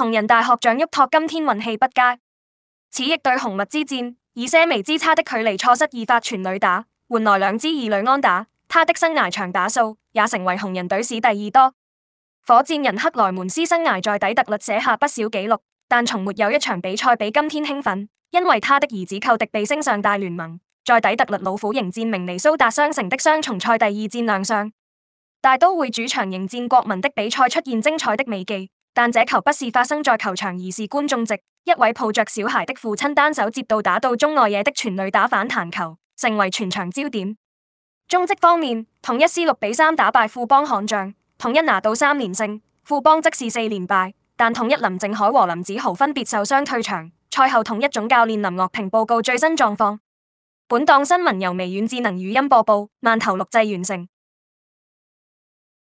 紅人大學長沃托今天運氣不佳，此役對紅襪之戰以些微之差的距離錯失二發全壘打，換來兩支二壘安打。他的生涯長打數也成為紅人隊史第二多。火箭人克萊門斯生涯在底特律寫下不少紀錄，但從沒有一場比賽比今天興奮，因為他的兒子寇迪被升上大聯盟，在底特律老虎迎戰明尼蘇達雙城的雙重賽第二戰亮相，大都會主場迎戰國民的比賽出現精彩的美技。但這球不是發生在球場，而是觀眾席。一位抱着小孩的父親單手接到打到中外野的全壘打反彈球，成為全場焦點。中職方面，統一獅六比三打敗富邦悍將，統一拿到三連勝，富邦則是四連敗。但統一林靖海和林子豪分別受傷退場。賽後統一總教練林岳平報告最新狀況。本檔新聞由微軟智能語音播報，萬頭錄製完成。